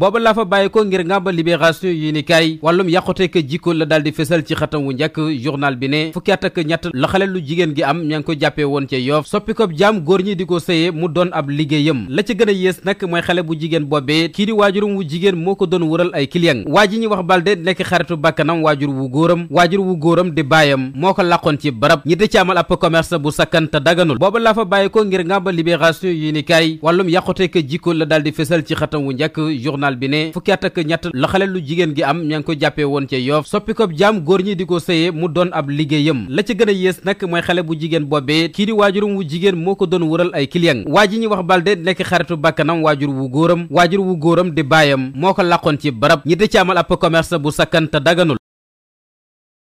booba laa fa bàyyi ko ngir ngàmba libération yi ni kaay wàllum yàqute ka jikko la daal di fesal ci xatam wu njëkk journal bi ne fukki at ak ñett la xale lu jigéen gi am ña ngi ko jàppee woon ca yoof soppi ko jaam góor ñi di ko sëye mu doon ab liggéeyam la ca gën a yées nag mooy xale bu jigéen boobee kii di waajurum wu jigéen moo ko doon wëral ay client waa ji ñi wax balde nekk xaritu bàkkanam waajur wu góoram waajur wu góoram di baayam moo ko làqoon ci barab ñi di ci amal ab bu sakkan te booba laa fa bàyyi ko ngir ngàmba libération yi ni kaay wàllum yàqute jikko la daal di fesal ci xatam wu njëkk journal journal bi ne fukki at ak ñett la xale lu jigéen gi am ña ko jàppee woon ca yoof soppi jaam góor ñi di ko sëyee mu doon ab liggéeyam la ca gën a yées nag mooy xale bu jigéen boobee kii waajurum wu jigéen moo ko doon wëral ay client waa ji ñuy wax balde nekk xaritu bakkanam waajur wu góoram waajur wu góoram di baayam moo ko làqoon ci barab ñi di ci amal ab commerce bu sakkan daganul